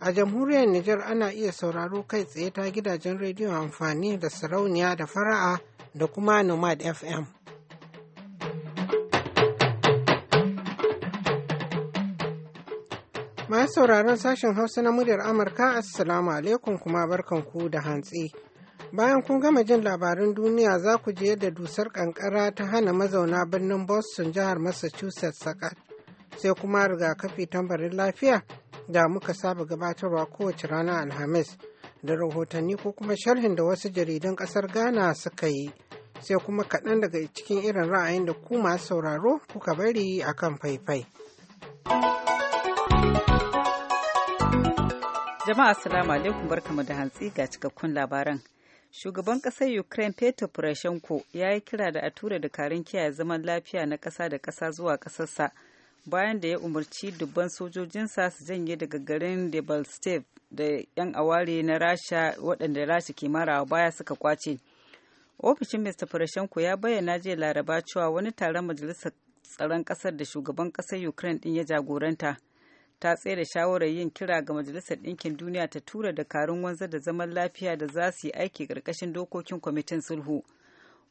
A jamhuriyar Nijar ana iya sauraro kai tsaye ta gidajen rediyon amfani da sarauniya da fara'a da kuma Nomad FM. Masu sauraron sashen Hausa na muryar Amurka, Assalamu alaikum kuma barkanku da hantsi. Bayan kun gama jin labarin duniya za ku je da dusar kankara ta hana mazauna birnin Boston jihar Massachusetts sakat. Sai kuma rigakafi tambarin lafiya da muka saba gabatarwa kowace rana alhamis da rahotanni ko kuma sharhin da wasu jaridan kasar ghana suka yi sai kuma kaɗan daga cikin irin ra'ayin da ku masu sauraro kuka bari a kan faifai jama'a assalamu alaikum barkamu da hantsi ga cikakkun labaran shugaban ƙasar ukraine peter poroshenko ya yi kira da a tura dakarun kiyaye zaman lafiya na ƙasa da ƙasa zuwa ƙasarsa. bayan da ya umarci dubban sojojinsa su janye daga garin steve da 'yan aware na Rasha waɗanda Rasha ke marawa baya suka kwace. Ofishin Mr. Poroshenko ya bayyana jiya Laraba cewa wani taron majalisar tsaron ƙasar da shugaban ƙasar Ukraine ɗin ya jagoranta. ta tsere shawarar yin kira ga majalisar ɗinkin duniya ta tura da dakarun wanzar da zaman lafiya da za su yi aiki ƙarƙashin dokokin kwamitin sulhu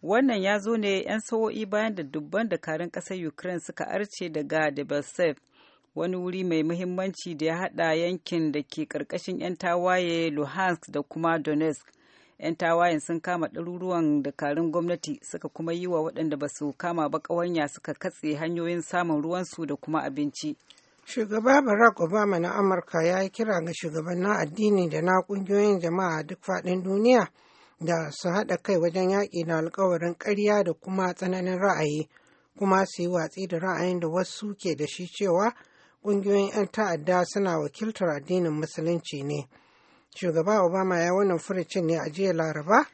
Wannan ya zo ne 'yan sawo'i bayan da dubban dakarun ƙasar Ukraine suka arce daga Debrecen wani wuri mai muhimmanci da ya hada yankin da ke ƙarƙashin 'yan tawaye Luhansk da kuma Donetsk. 'Yan tawayen sun kama ɗaruruwan dakarun gwamnati suka kuma yi wa waɗanda ba su kama ba ƙawanya suka katse hanyoyin samun ruwansu da kuma abinci. Shugaba Barack Obama na Amurka ya yi kira ga shugabannin addini da na ƙungiyoyin jama'a duk faɗin duniya. da su haɗa kai wajen yaƙi na alkawarin ƙarya da kuma tsananin ra'ayi kuma su yi watsi da ra'ayin da wasu ke da shi cewa ƙungiyoyin 'yan ta'adda suna wakiltar addinin musulunci ne shugaba obama ya wannan furucin ne a jiya laraba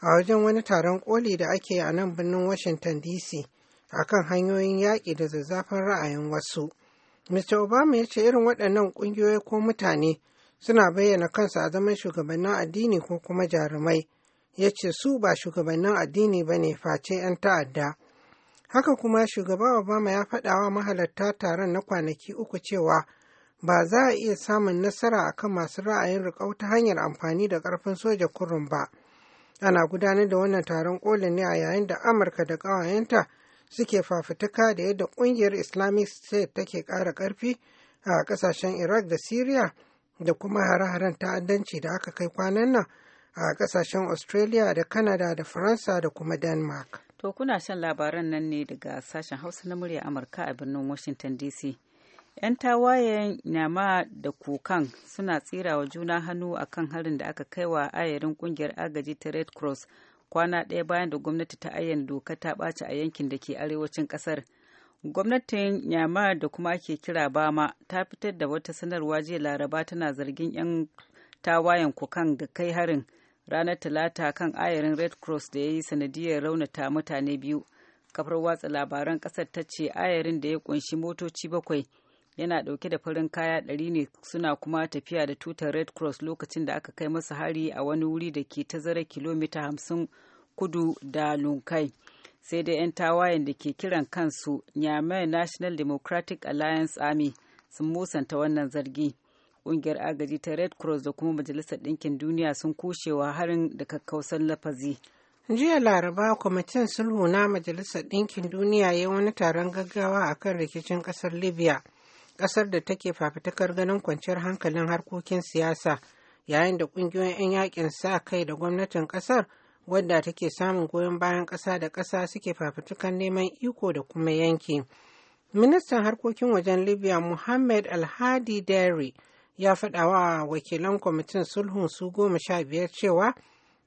a wajen wani taron koli da ake a nan birnin washington dc a kan hanyoyin yaƙi da zazzafin ra'ayin wasu mr obama ya ce irin waɗannan ƙungiyoyi ko mutane suna bayyana kansu a zaman shugabannin addini ko kuma jarumai ya ce su ba shugabannin addini ba ne face 'yan ta'adda. Haka kuma shugaba Obama ya faɗawa mahalarta taron na kwanaki uku cewa ba za a iya samun nasara a kan masu ra'ayin rikau ta hanyar amfani da ƙarfin soja kurum ba. Ana gudanar da wannan taron ƙolin ne a yayin da Amurka da ƙawayenta suke fafutuka da yadda ƙungiyar Islamic State take ƙara ƙarfi a ƙasashen Iraq da Syria da kuma hare-haren ta'addanci da aka kai kwanan nan a kasashen Australia da Canada da Faransa da kuma Denmark. To kuna shan labaran nan ne daga sashen Hausa na murya Amurka a birnin Washington DC. 'Yan tawayen Nyama da Kukan suna tsira wa juna hannu a kan harin da aka kai wa ayarin kungiyar agaji ta Red Cross kwana ɗaya bayan da gwamnati ta ayyana doka ta ɓaci a yankin da ke arewacin ƙasar. gwamnatin nyama da kuma ake kira bama ta fitar da wata sanarwa jiya laraba tana zargin 'yan tawayen kukan da kai harin ranar talata kan ayarin red cross da ya yi sanadiyar raunata mutane biyu kafar watsa labaran kasar ta ce ayarin da ya kunshi motoci bakwai yana dauke da farin kaya ɗari ne suna kuma tafiya da tutar red cross lokacin da aka kai masa hari a wani wuri da ke tazara kilomita hamsin kudu da lunkai sai dai 'yan tawayen da ke kiran kansu nyamai national democratic alliance army sun musanta wannan zargi Ƙungiyar agaji ta Red Cross da kuma Majalisar Ɗinkin Duniya sun kushewa harin da kakkausan lafazi. jiya laraba kwamitin sulhu na majalisar ɗinkin duniya ya wani taron gaggawa a kan rikicin ƙasar libya ƙasar da take fafitakar ganin kwanciyar hankalin harkokin siyasa yayin da ƙungiyoyin 'yan yakin sa kai da gwamnatin ƙasar wadda take samun goyon bayan ƙasa da ƙasa suke fafutukan neman iko da kuma yanki ministan harkokin wajen libya muhammad alhadi Dairy. ya faɗa wa wakilan kwamitin sulhun su goma sha biyar cewa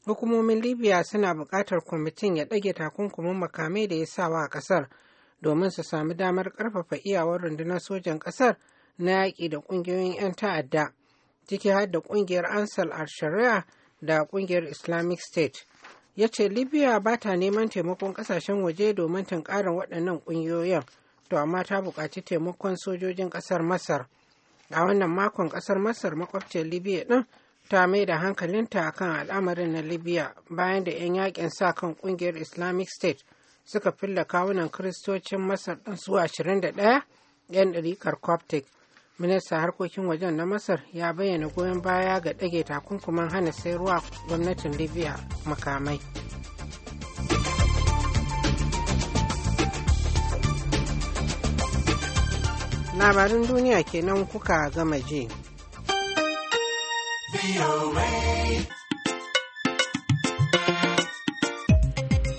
hukumomin libya suna buƙatar kwamitin ya ɗage takunkumin makamai da ya sawa a ƙasar domin su sami damar ƙarfafa iyawar rundunar sojan ƙasar na yaƙi da ƙungiyoyin 'yan ta'adda ciki har da ƙungiyar ansal al-sharia da ƙungiyar islamic state ya ce libya ba ta neman taimakon ƙasashen waje domin tunkarar waɗannan ƙungiyoyin to amma ta buƙaci taimakon sojojin ƙasar masar a wannan makon kasar masar makwabciyar libya din ta mai da hankalinta kan al'amarin na libya bayan da 'yan yakin sa kan kungiyar islamic state suka filla kawunan kiristocin masar din su 21 'yan ɗarikar coptic ministan harkokin wajen na masar ya bayyana goyon baya ga ɗage takunkuman hana sayarwa gwamnatin libya makamai labarin duniya kenan kuka gama je.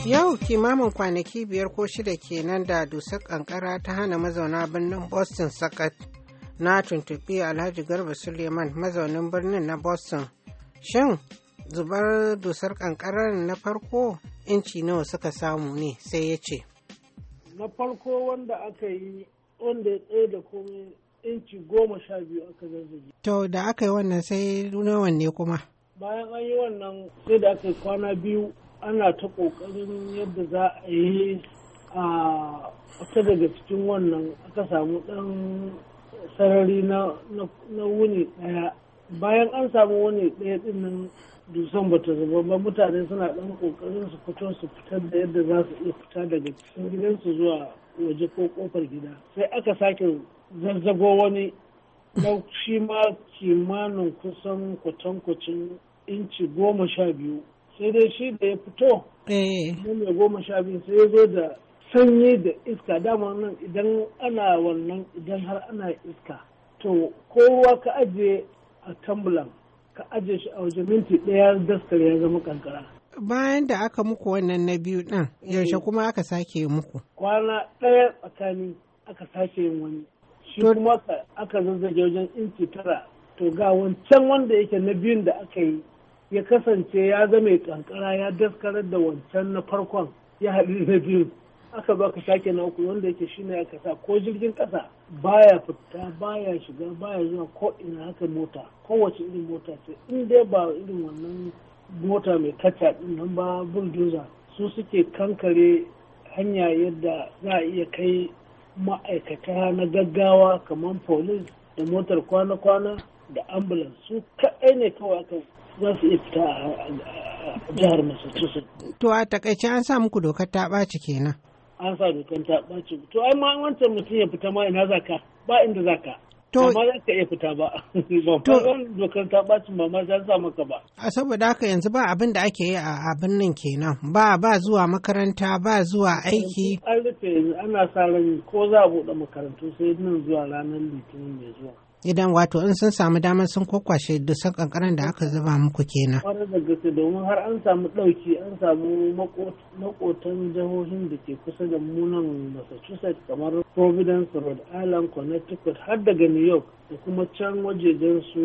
Yau kimamin kwanaki biyar ko shida kenan da dusar kankara ta hana mazauna birnin Boston sakat na tuntuɓi Alhaji Garba Suleiman mazaunin birnin na Boston. Shin zubar dusar kankarar na farko inci nawa suka samu ne sai ya ce. Na farko wanda aka yi wanda ya tsaye da komai inci goma sha biyu aka zazzage. To da aka yi wannan sai nawa ne kuma? Bayan an yi wannan sai da aka yi kwana biyu ana ta ƙoƙarin yadda za a yi a wata daga cikin wannan aka samu ɗan sarari na wuni ɗaya. Bayan an samu wuni ɗaya ɗin nan dusan bata zuba ba mutane suna ɗan ƙoƙarin su fito su fitar da yadda za su iya fita daga cikin gidansu zuwa waje ko kofar gida sai aka sake zazzago wani na shi ma kimanin kusan kwatankwacin inci goma sha biyu sai dai shi da ya fito eh. mai goma sha biyu sai ya zo da sanyi da iska dama nan idan ana wannan idan har ana iska to ko ruwa ka ajiye a tambulan ka ajiye shi a waje minti ɗaya daskar ya zama kankara bayan da aka muku wannan na biyu ɗin yaushe eh. kuma aka sake muku kwana ɗaya tsakani aka sake yin wani shi kuma aka zazzage wajen inci tara to ga wancan wanda yake na biyun da aka yi ya kasance ya zame kankara ya daskarar da wancan na farkon ya haɗu na biyu, aka ba ka sake na uku wanda yake shine aka sa ko jirgin kasa baya fita baya shiga baya zuwa ko ina haka mota kowace irin mota ce in dai ba irin wannan mota mai kaca nan ba bulldozer su suke kankare hanya yadda za a iya kai ma'aikata na gaggawa kamar police da motar kwana-kwana da ambulance su kaɗai ne kawai akan za su iya fita a jihar massachusetts to a takaice an sa muku dokar ta ɓaci kenan an sa dokar ta ɓaci to ai ma wancan mutum ya fita ma ina zaka ba inda zaka To, mama za ka iya fita ba, ba dokar ta bacin mama za sa maka ba. A saboda haka yanzu ba abin da ake yi a abin nan kenan, ba ba zuwa makaranta, ba zuwa aiki. An rufe yanzu ana sa ran ko za a buɗe makarantu sai nan zuwa ranar litinin mai zuwa. idan wato in sun samu damar sun kwakwashe dusan kankanan da aka zuba muku kenan kwarar da gaske domin har an samu ɗauki an samu makotan jihohin da ke kusa da munan massachusetts kamar providence rhode island connecticut har daga new york da kuma can wajejen su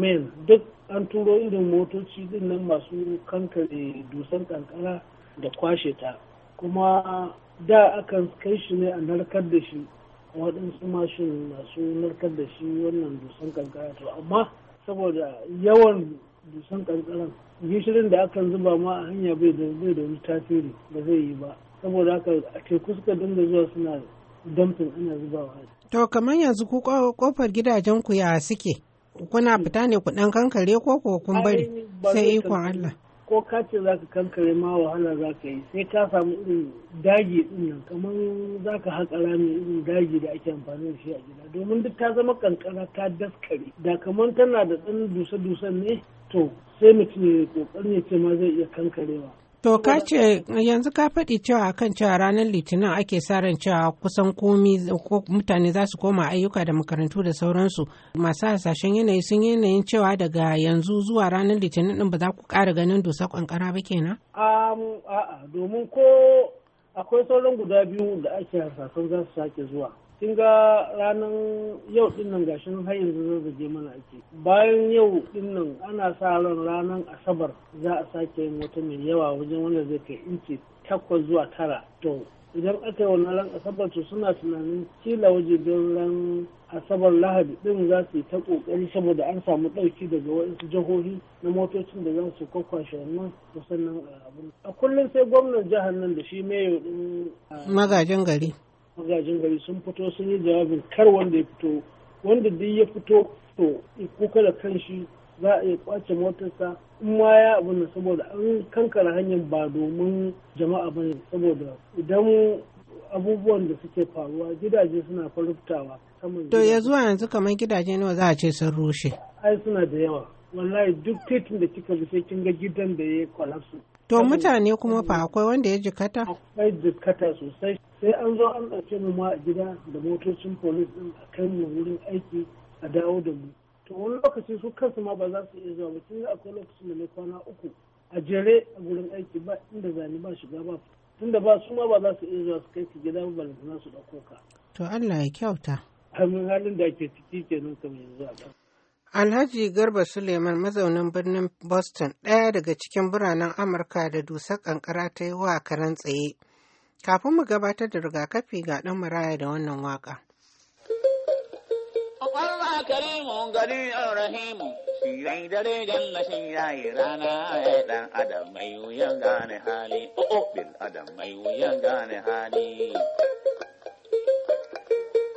maine duk an turo irin motoci din nan masu kankare dusan kankara da kwashe ta kuma da akan kai shi ne a narkar da shi waɗansu mashin masu narkar da shi wannan dusan kankara to amma saboda yawan dusan kankaran gishirin da akan zuba ma a hanya bai da bai da wani tasiri ba zai yi ba saboda haka a teku suka dinga zuwa suna damfin ana zubawa to kamar yanzu ku kofar gidajen ku ya suke kuna fita ne ku ɗan kankare ko ko kun bari sai ikon Allah ko ka ce za ka kankare ma wahala za ka yi sai ka samu irin daji din nan kamar za ka haƙa rami irin daji da ake amfani da shi a gida domin duk ta zama kankara ta daskare da kamar tana da ɗan dusa-dusan ne to sai mutum ya ƙoƙarin ya ce ma zai iya kankarewa To ka ce yanzu ka faɗi cewa kan cewa ranar litinin ake sa ran cewa kusan komi mutane za su koma ayyuka da makarantu da sauransu masu hasashen yanayi sun yanayin cewa daga yanzu zuwa ranar litinin din ba za ku ƙara ganin dusa ƙanƙara ba kenan? A'a domin ko akwai sauran guda biyu da ake hasashen za su sake zuwa. kin ga ranar yau din nan gashin har yanzu zazzage mana ake bayan yau din nan ana sa ran ranar asabar za a sake yin wata mai yawa wajen wanda zai kai inci takwas zuwa tara to idan aka yi wannan ran asabar to suna tunanin kila wajen ran asabar lahadi din za su yi ta kokari saboda an samu ɗauki daga wasu jihohi na motocin da za su kwakwashe wannan musamman a a kullum sai gwamnan jihar nan da shi mai ah, magajen gari magajin gari sun fito sun yi jawabin kar wanda ya fito wanda duk ya fito to kuka da kanshi za a iya kwace motarsa in ma ya abu ne saboda an kankara hanyar ba domin jama'a bane saboda idan abubuwan da suke faruwa gidaje suna farubtawa to ya zuwa yanzu kamar gidaje nawa za a ce sun rushe ai suna da yawa wallahi duk titin da kika bi sai kin ga gidan da ya kwalafsu To mutane kuma fa akwai wanda ya jikata? Akwai jikata sosai. Sai an zo an ɗauke mu ma a gida da motocin polis ɗin a kan mu wurin aiki a dawo da mu. To wani lokaci su kansu ma ba za su iya zuwa ba. Tun akwai lokacin da na kwana uku a jere a wurin aiki ba inda zani ba shiga ba. tunda ba su ma ba za su iya zuwa su kai su gida ba balantana su ɗauko ka. To Allah ya kyauta. Kamin halin da ake ciki kenan kamar yanzu a Alhaji Garba Suleiman mazaunin birnin Boston ɗaya daga cikin biranen Amurka da dusar ƙanƙara ta yi wa karan tsaye. Kafin mu gabatar da rigakafi ga ɗan maraya da wannan waka. Allah karimu gari rahimu shirai dare janna shirai rana ya adam mai wuyan mai wuyan gane hali oh,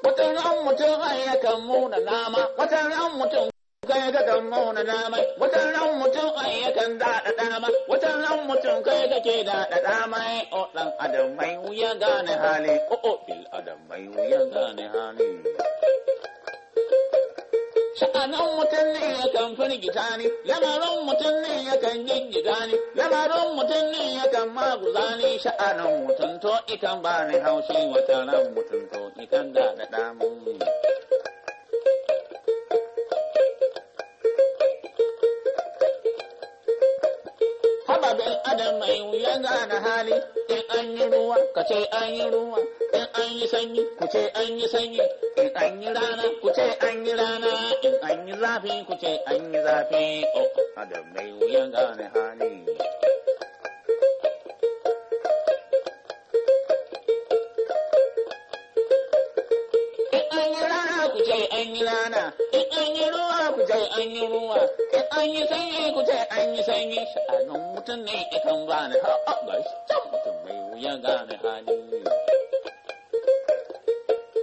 oh, ran mutum ai yakan muna nama wata ran mutum kai ga kan nuna dama watan ran mutum ai yakan daɗa dama watan ran mutum kai kake daɗa dama o dan adam mai wuya gane hali o o bil adam mai wuya gane hali sha'anan mutum ne yakan firgita ne lamarin mutum ne yakan gingida ne lamarin mutum ne yakan maguza ne sha'anan mutum to ikan ba ni haushi watan ran mutum to ikan daɗa dama adam mai wuya gane hali in an yi ruwa ka ce an yi ruwa in an yi sanyi ku ce an yi sanyi in an yi rana ku ce an yi rana in an yi zafi ku ce an yi zafi oh adam mai wuya gane hali an yi rana ku ce an yi rana in an yi ruwa ku ce an yi ruwa an yi sanyi ku ce an yi sanyi shanun mutum ne ikan bani ha'a ga shi can mutum mai wuya gane hali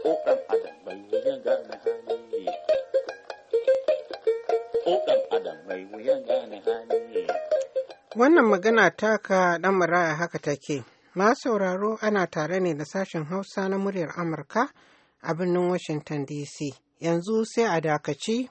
ko ɗan adam mai wuya gane hali ko ɗan adam mai wuyan gane hali wannan magana taka ɗan maraya haka take ma sauraro ana tare ne da sashen hausa na muryar amurka a birnin washington dc yanzu sai a dakaci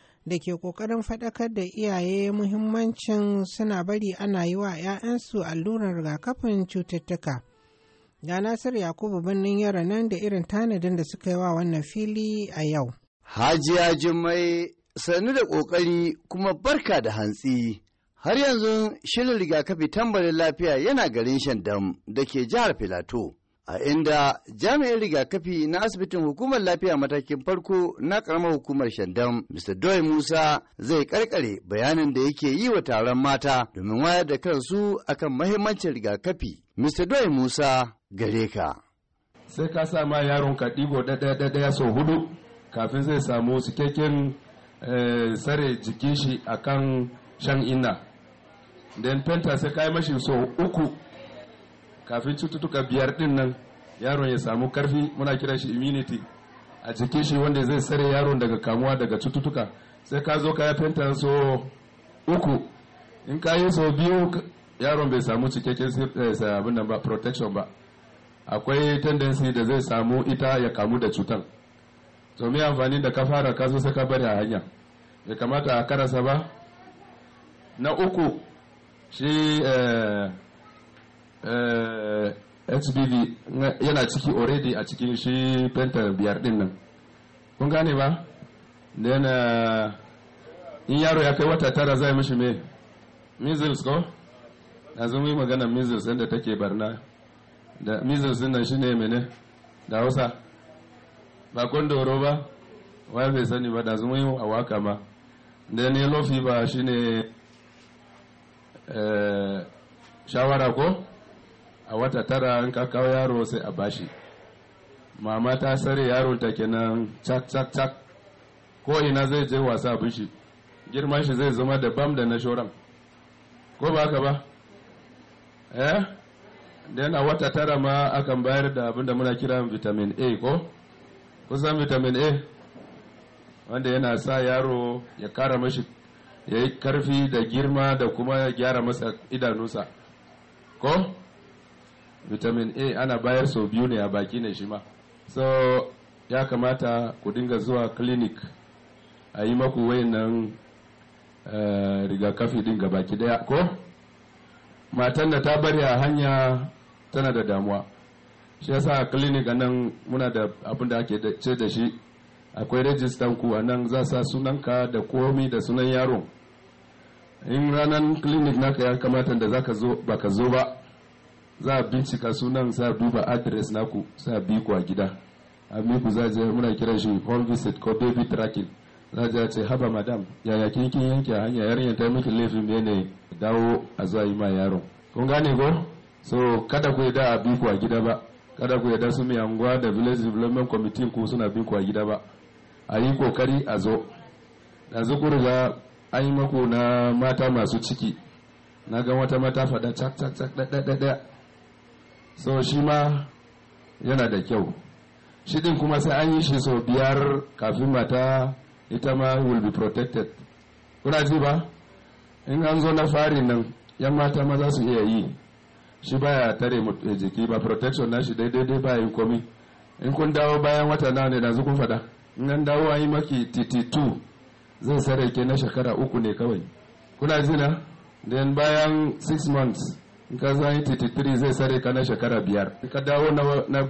da ke ƙoƙarin faɗakar da iyaye muhimmancin suna bari ana yi wa 'ya'yansu allurar rigakafin cututtuka. Ga Nasir Yakubu birnin yara nan da irin tanadin da suka yi wa wannan fili a yau. Hajiya Jummai sannu da ƙoƙari kuma barka da hantsi. Har yanzu shirin rigakafi tambarin lafiya yana garin Shandam da ke jihar Filato. a inda jami'in rigakafi na asibitin hukumar lafiya matakin farko na karamar hukumar shandam mr doy musa zai karkare bayanin da yake yi wa taron mata domin wayar da kansu akan mahimmancin rigakafi mr doy musa gare ka sai ka sa ma yaron ka ɗigo ɗaya sau hudu kafin zai samu cikakken eh, sare jikin shi akan shan ina den fenta sai ka yi mashi sau uku kafin cututtuka biyar din nan yaron ya samu karfi muna kira shi immunity a jikin shi wanda zai tsare yaron daga kamuwa daga cututtuka sai ka zo ka ya fenta so uku in ka yi so biyu yaron bai samu cikakken eh, abin nan ba protection ba akwai tendency da zai samu ita ya kamu da cutan to me amfani da ka fara ka zo sai ka bari a hanya bai kamata a karasa ba na uku shi eh, hbv eh, yana ciki already a cikin shi penta biyar din nan kun gane ba then in yaro ya kai wata tara zai mishi me measles ko yanzu mu yi magana measles inda take barna da measles din nan shine mene da hausa ba kondoro ba wa bai sani ba da zuma yi a waka ma da ne lofi ba shine eh, shawara ko a wata tara in ka yaro sai a bashi mama ta sare yaron ta kenan cak cak cak ko ina zai je wasa abin shi girman shi zai zama da bam da na shoran ko ba ka ba eh dan a wata tara ma akan bayar da abin da muna kira vitamin A ko kusan vitamin A wanda yana sa yaro ya kara mashi ya yi karfi da girma da kuma ya gyara masa idanunsa ko vitamin a ana bayar sau biyu ne a baki ne shi ma so ya kamata ku dinga zuwa clinic a yi maku wayannan uh, rigakafi dinga baki daya ko matan da ta bari a hanya tana da damuwa shi yasa a clinic a nan muna da abin da ake ce da shi akwai rajistan ku a nan za sa sunanka da komi da sunan yaron in ranar clinic naka ya kamata da zaka zo baka zo ba za a bincika sunan za a duba adres naku a bi ku a gida amma ku za je muna kiran shi home visit ko baby tracking za a ce haba madam yaya kin kin yanke hanya yarinyar ta miki laifin ne dawo a zuwa yi ma yaron kun gane ko so kada ku da a bi ku a gida ba kada ku da su mai anguwa da village development committee ku suna bi ku a gida ba a yi kokari a zo yanzu ku riga an yi maku na mata masu ciki na ga wata mata faɗa cak cak cak ɗaɗɗaɗɗa so shi ma yana da kyau shi din kuma sai an yi shi so biyar kafin mata ita ma will be protected kuna ji ba in an zo na fari nan yan mata ma za su iya yi shi baya tare eh, jiki ba protection na shi daidai ba yi komi in kun dawo bayan wata na ne yanzu kun fada in an dawo an yi maki titi 2 zai sarake na shekara uku ne kawai kuna ji na bayan 6 months in ka zai 33 zai sare ka na shekara biyar in ka dawo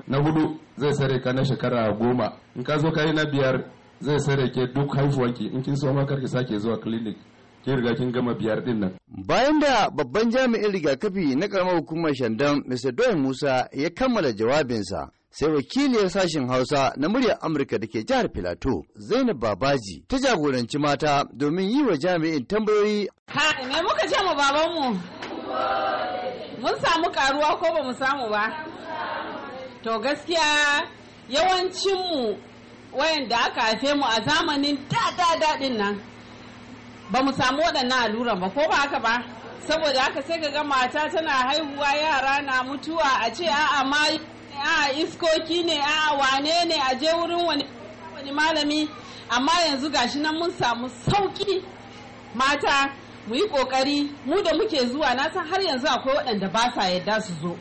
na hudu zai sare ka na shekara goma in ka zo ka yi na biyar zai sare ke duk haifuwanki in kin so ma karki sake zuwa clinic kin riga kin gama biyar din nan. Bayan da babban jami'in rigakafi na karamar hukumar Shandam Mr. Doyin Musa ya kammala jawabinsa sai wakiliyar sashen Hausa na muryar Amurka da ke jihar Filato Zainab Babaji ta jagoranci mata domin yi wa jami'in tambayoyi. Ha, ne muka ce mu babanmu? Mun samu karuwa ko ba mu samu ba? To gaskiya yawancinmu wayanda aka haife mu a zamanin da daɗin nan ba mu samu waɗannan alluran ba ko ba haka ba? Saboda haka sai ga mata tana haihuwa yara na mutuwa a ce a'a ma a iskoki ne a wane ne a je wurin wani malami amma yanzu gashi nan mun samu sauki mata mu yi kokari mu da muke zuwa na san har yanzu akwai waɗanda ba sa yadda su zo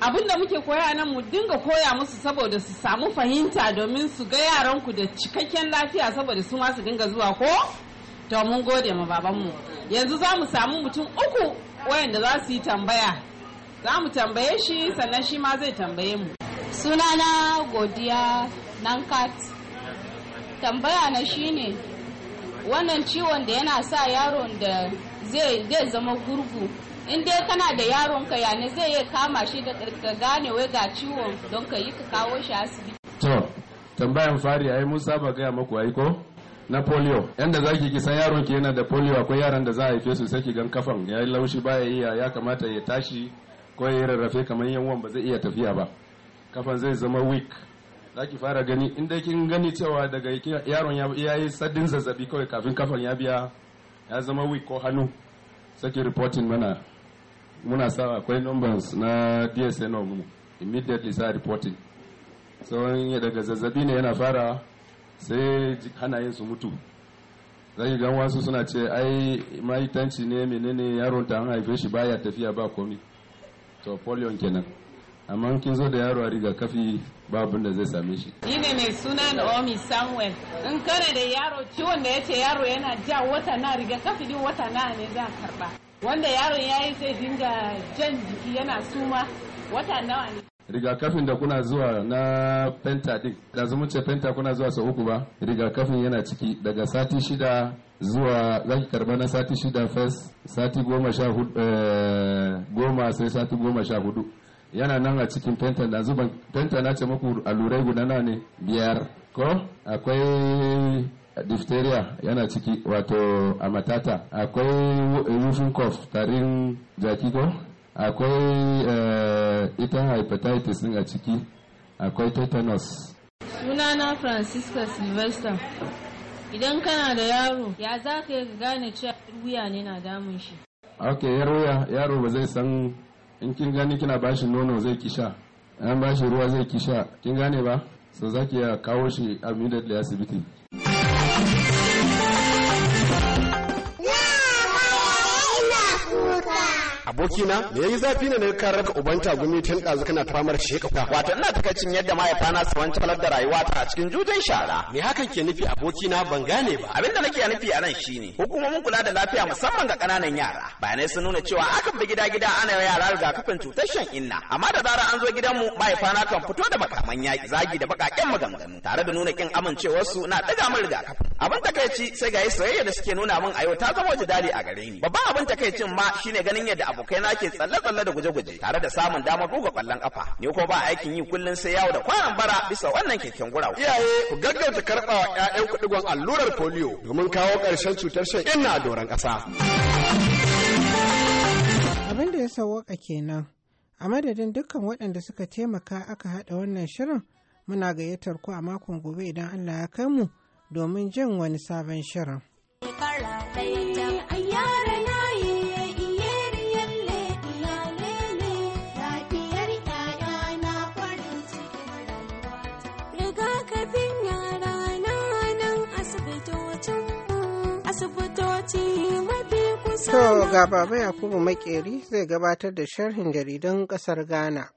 abin da muke koya nan mu dinga koya musu saboda su samu fahimta domin su ga yaran ku da cikakken lafiya saboda su ma su dinga zuwa ko to mun gode ma babanmu yanzu za mu samu mutum uku wayanda za su yi tambaya za mu tambaye shi sannan shi ma zai tambaye mu sunana godiya nankat tambaya na shine wannan ciwon da yana sa yaron da zai zama gurgu in dai kana da yaron ka yana zai iya kama shi da ka gane wai ga ciwon don ka yi ka kawo shi asibiti to tambayan fari ai musa ba gaya maku ai ko na polio yanda za ki san yaron ki yana da polio akwai yaran da za a haife su sai ki gan kafan ya yi laushi ba ya iya ya kamata ya tashi ko ya rarrafe kamar yanwan ba zai iya tafiya ba kafan zai zama weak za ki fara gani inda kin gani cewa daga yaron ya yi sadin zazzabi kawai kafin kafan ya biya ya zama weak ko hannu saki reporting mana muna sa akwai numbers na dsn mu immediately sa reporting so, daga zazzabi ne yana fara sai hana yin su mutu zai gan wasu suna ce ai maitanci ne menene yaron ta an haife shi baya tafiya ba komi to polio kenan amma kin zo da yaro a rigakafi babun da zai same shi. Ni ne mai suna Naomi Samuel. In kana da yaro ciwon da ya ce yaro yana ja wata na rigakafi din wata na ne za a karba. Wanda yaron ya yi zai dinga jan jiki yana suma wata nawa ne. rigakafin da kuna zuwa na penta din yanzu mun ce penta kuna zuwa sau uku ba rigakafin yana ciki daga sati shida zuwa za ki karba na sati shida first sati goma sha hudu eh, goma sai sati goma sha hudu yana nan a cikin fenta da zuban fenta na ce muku allurai guda na ne biyar ko akwai diphtheria yana ciki wato a matata akwai whooping cough tarin jaki ko akwai eh, ita hepatitis din a ciki akwai tetanus sunana francisca sylvester idan kana da yaro ya za ka gane cewa wuya ne na damun shi ok yar wuya yaro ba zai san in kin gani kina bashi nono zai kisha an bashi ruwa zai kisha kin gane ba so zaki ya kawo shi immediately asibiti abokina da yayi zafi ne na ka raka uban gumi tun ɗazu kana famar shi ka wato ina cin yadda mahaifana su wancalar da rayuwa ta cikin jujin shara me hakan ke nufi abokina ban gane ba abinda nake nufi a nan shine hukumomin kula da lafiya musamman ga kananan yara bayanai sun nuna cewa akan bi gida gida ana yara rigakafin cutar shan inna amma da zarar an zo gidanmu mahaifana kan fito da makaman yaƙi zagi da bakaken maganganu tare da nuna kin amincewarsu na ɗaga min rigakafi abin takaici sai ga soyayya da suke nuna min a yau ta zama jidali a gare ni babban abin takaicin ma shine ganin yadda abokai na ke tsalle-tsalle da guje-guje tare da samun damar buga kwallon kafa ni ko ba aikin yi kullun sai yawo da kwanan bara bisa wannan keken gurawa iyaye ku gaggauta karbawa ƴaƴan kudigon allurar polio domin kawo ƙarshen cutar shan inna a doron ƙasa abin da ya sawwaka kenan a madadin dukkan waɗanda suka taimaka aka haɗa wannan shirin muna gayyatar ku a makon gobe idan Allah ya kai mu domin jin wani sabon shirin. To ga Baba Yakubu Makeri zai gabatar da sharhin jaridan ƙasar Ghana.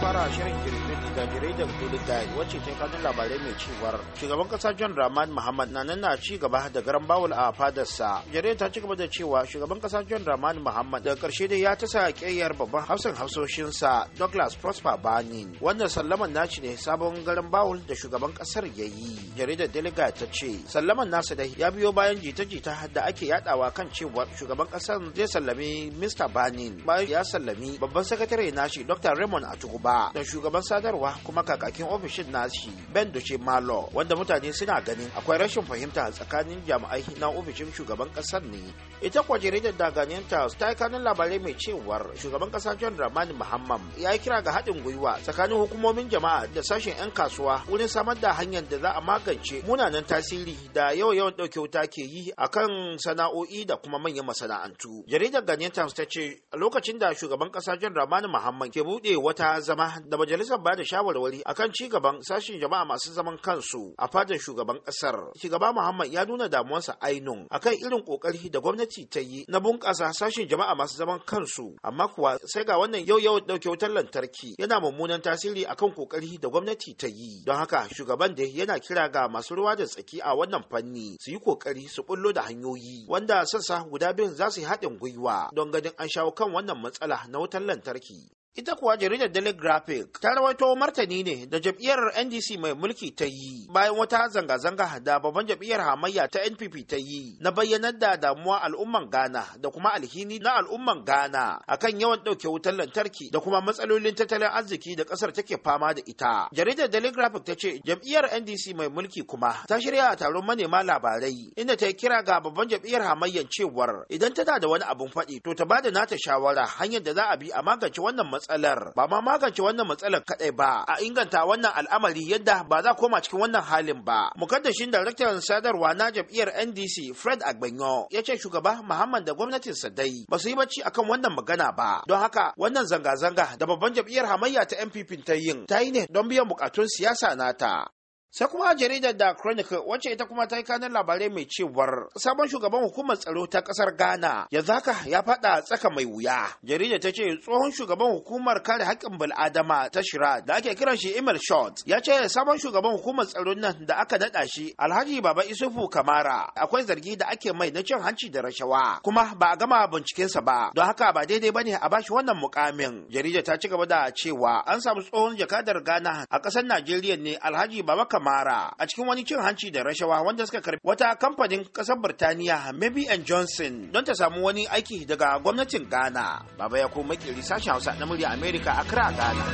fara shirin daga jaridar Guligai wacce ta kanun labarai mai cewar shugaban kasa John Rahman Muhammad na nan na ci gaba da garan bawul a fadarsa. Jaridar ta ci gaba da cewa shugaban kasa John Rahman Muhammad daga karshe dai ya tasa kiyayyar babban hafsan hafsoshinsa Douglas Prosper Banin wannan sallaman naci ne sabon garan bawul da shugaban kasar ya yi. Jaridar Deliga ta ce sallaman nasa dai ya biyo bayan jita-jita da ake yadawa kan cewa shugaban kasar zai sallami Mr. Banin bayan ya sallami babban sakatare na nashi Dr. Raymond atuguba da shugaban sadarwa kuma kakakin ofishin nashi Ben doshe Malo wanda mutane suna ganin akwai rashin fahimta tsakanin jami'ai na ofishin shugaban kasar ne. Ita kuwa jaridar Daganiyan ta ta yi kanin labarai mai cewar shugaban kasa John Dramani Muhammad ya yi kira ga haɗin gwiwa tsakanin hukumomin jama'a da sashen 'yan kasuwa wurin samar da hanyar da za a magance munanan tasiri da yawan ɗauke wuta ke yi akan sana'o'i da kuma manyan masana'antu. Jaridar Ghanaian ta ce lokacin da shugaban kasa John Dramani Muhammad ke buɗe wata zama da majalisar bada shawarwari akan ci gaban sashen jama'a masu zaman kansu a fadar shugaban kasar shugaba muhammad ya nuna damuwarsa ainun akan irin kokari da gwamnati ta yi na bunƙasa sashen jama'a masu zaman kansu amma kuwa sai ga wannan yau yau dauke wutar lantarki yana mummunan tasiri akan kokari da gwamnati ta yi don haka shugaban da yana kira ga masu ruwa da tsaki a wannan fanni su yi kokari su bullo da hanyoyi wanda sassa guda biyun za su yi haɗin gwiwa don ganin an shawo kan wannan matsala na wutar lantarki Ita kuwa jaridar Daily Graphic ta rawaito martani ne da jam'iyyar NDC mai mulki ta yi bayan wata zanga-zanga da babban jam'iyyar hamayya ta NPP ta yi na bayyanar da damuwa al'umman Ghana da kuma alhini na al'umman Ghana akan yawan ɗauke wutar lantarki da kuma matsalolin tattalin arziki da ƙasar take fama da ita. Jaridar Daily Graphic ta ce jam'iyyar NDC mai mulki kuma ta shirya taron manema labarai inda ta yi kira ga babban jam'iyyar hamayyan cewar idan tana da wani abun faɗi to ta bada nata shawara hanyar da za a bi a magance wannan matsalar ba ma magance wannan matsalar kadai ba a inganta wannan al'amari yadda ba za koma cikin wannan halin ba mukaddashin daraktan sadarwa na jam'iyyar NDC Fred Agbenyo ya ce shugaba Muhammad da gwamnatinsa dai ba su yi bacci akan wannan magana ba don haka wannan zanga-zanga da babban jam'iyyar hamayya ta NPP ta yin ta yi ne don biyan bukatun siyasa nata sai kuma jaridar da chronicle wacce ita kuma ta yi kanin labarai mai cewar sabon shugaban hukumar tsaro ta kasar ghana yanzu haka ya fada tsaka mai wuya jaridar ta ce tsohon shugaban hukumar kare haƙƙin bil'adama ta shira da ake kiran shi emil short ya ce sabon shugaban hukumar tsaro nan da aka naɗa shi alhaji baba isufu kamara akwai zargi da ake mai na cin hanci da rashawa kuma ba a gama bincikensa ba don haka ba daidai ba ne a bashi wannan mukamin jaridar ta ci gaba da cewa an samu tsohon jakadar ghana a ƙasar najeriya ne alhaji baba aka a cikin wani cin hanci da rashawa wanda suka karbi wata kamfanin kasar Birtaniya Maybe and Johnson don ta samu wani aiki daga gwamnatin Ghana. Baba ya kuma makiri sashen Hausa na murya America a kira Ghana.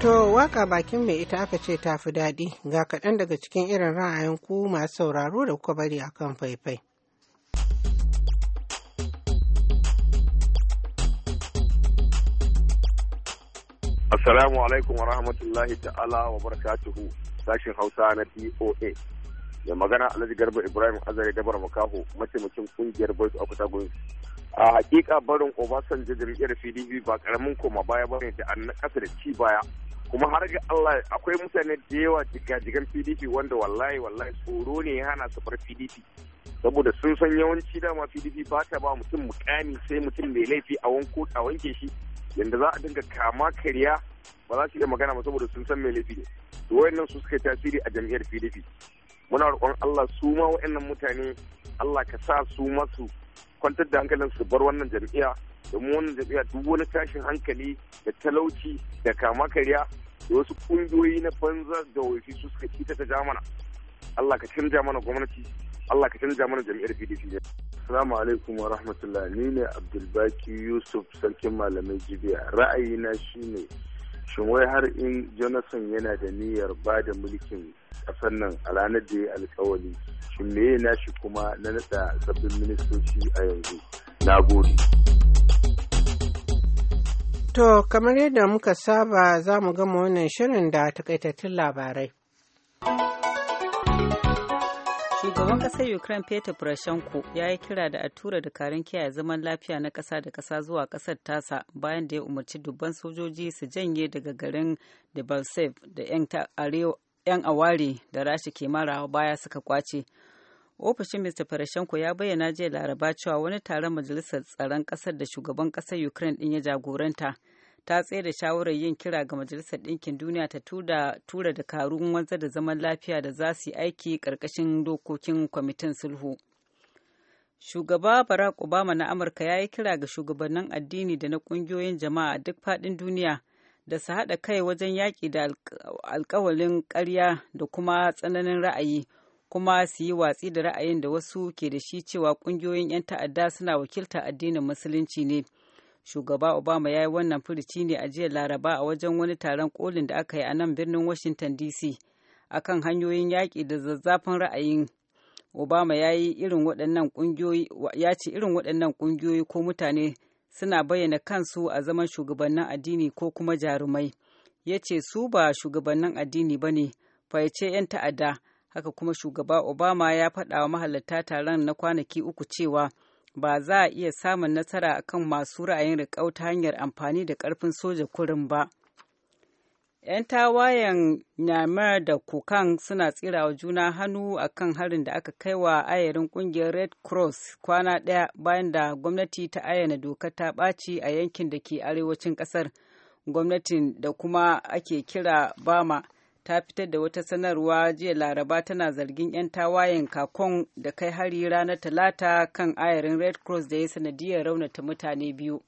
To waka bakin mai ita aka ce tafi fi daɗi ga kaɗan daga cikin irin ra'ayin ku masu sauraro da kuka bari akan faifai. Assalamu alaikum wa rahmatullahi ta'ala wa barakatuhu sashin Hausa na DOA. Da magana Alhaji Garba Ibrahim Azare Dabar Makaho mataimakin kungiyar Boys of Kutagun. A hakika barin Obasanjo jam'iyyar PDP ba karamin koma baya bane da an kasa da ci baya. Kuma har ga Allah akwai mutane da yawa jigajigan PDP wanda wallahi wallahi tsoro ne ya hana su bar PDP. Saboda sun san yawanci dama PDP ba ta ba mutum mukami sai mutum mai laifi a wanko a wanke shi yanda za a dinga kama kariya. ba za su iya magana ba saboda sun san mai laifi ne to wayannan su suka tasiri a jami'ar PDP muna roƙon Allah su ma wayannan mutane Allah ka sa su masu kwantar da hankalin su bar wannan jam'iyya domin wannan jam'iyya duk wani tashin hankali da talauci da kama karya da wasu kungiyoyi na banza da wafi su suka kita ta jamana Allah ka canja mana gwamnati Allah ka canja mana jam'iyyar PDP Assalamu alaikum wa rahmatullah ni ne Abdulbaki Yusuf sarkin malamai jibiya ra'ayina shine shin wai har in jonathan yana da niyyar ba da mulkin ƙasar nan a ranar da ya alkawali shin meye nashi kuma na naɗa sabbin ministoci a yanzu na gode to kamar yadda muka saba za mu gama wannan shirin da takaitattun labarai Shugaban kasar Ukraine Petro Poroshenko ya yi kira da a tura da karin kiyaye zaman lafiya na kasa da kasa zuwa ƙasar tasa bayan da ya umarci dubban sojoji su janye daga garin Debaltseve da 'yan aware da rashi ke marawa baya suka kwace. ofishin mr Poroshenko ya bayyana jiya laraba cewa wani taron majalisar tsaron kasar da shugaban kasar ukraine din ya jagoranta ta tsere shawarar yin kira ga majalisar ɗinkin duniya ta tura dakarun wanzar da zaman lafiya da za su yi aiki ƙarƙashin dokokin kwamitin sulhu shugaba barack obama na amurka ya yi kira ga shugabannin addini da na ƙungiyoyin jama'a a duk faɗin duniya da su haɗa kai wajen yaƙi da alkawalin ƙarya da kuma tsananin ra'ayi kuma su yi watsi da ra'ayin da wasu ke da shi cewa ƙungiyoyin 'yan ta'adda suna wakilta addinin musulunci ne. shugaba obama ya yi wannan furici ne a jiya laraba a wajen wani taron kolin da aka yi a nan birnin washington dc akan hanyoyin yaƙi da zazzafin ra'ayin obama ya yi irin waɗannan ƙungiyoyi ya ce irin waɗannan ƙungiyoyi ko mutane suna bayyana kansu a zaman shugabannin addini ko kuma jarumai ya ce su ba shugabannin addini ba ne ce 'yan ta'adda haka kuma shugaba obama ya faɗa wa mahalarta taron na kwanaki uku cewa ba za a iya samun nasara a kan masu ra'ayin riƙau ta hanyar amfani da ƙarfin soja kurin ba. 'Yan tawayen Nyamar da Kukan suna tsirawa juna hannu a kan harin da aka kai wa ayarin ƙungiyar Red Cross kwana ɗaya bayan da gwamnati ta ayyana doka ta ɓaci a yankin da ke arewacin ƙasar, gwamnatin da kuma ake kira Bama. ta fitar da wata sanarwa jiya laraba tana zargin 'yan tawayen kakon da kai hari ranar talata kan ayarin red cross da ya sanadiyar raunata mutane biyu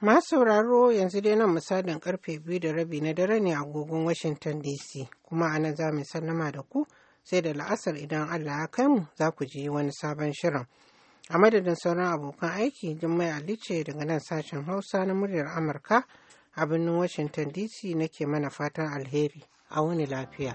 masu sauraro yanzu dai nan misalin karfe biyu da rabi na dare ne a agogon washington dc kuma a nan za mu sallama da ku sai da la'asar idan allah ya kai mu za ku ji wani sabon shirin a madadin sauran abokan aiki jummai alice daga nan sashen hausa na muryar amurka a birnin washington dc nake mana fatan alheri a wani lafiya.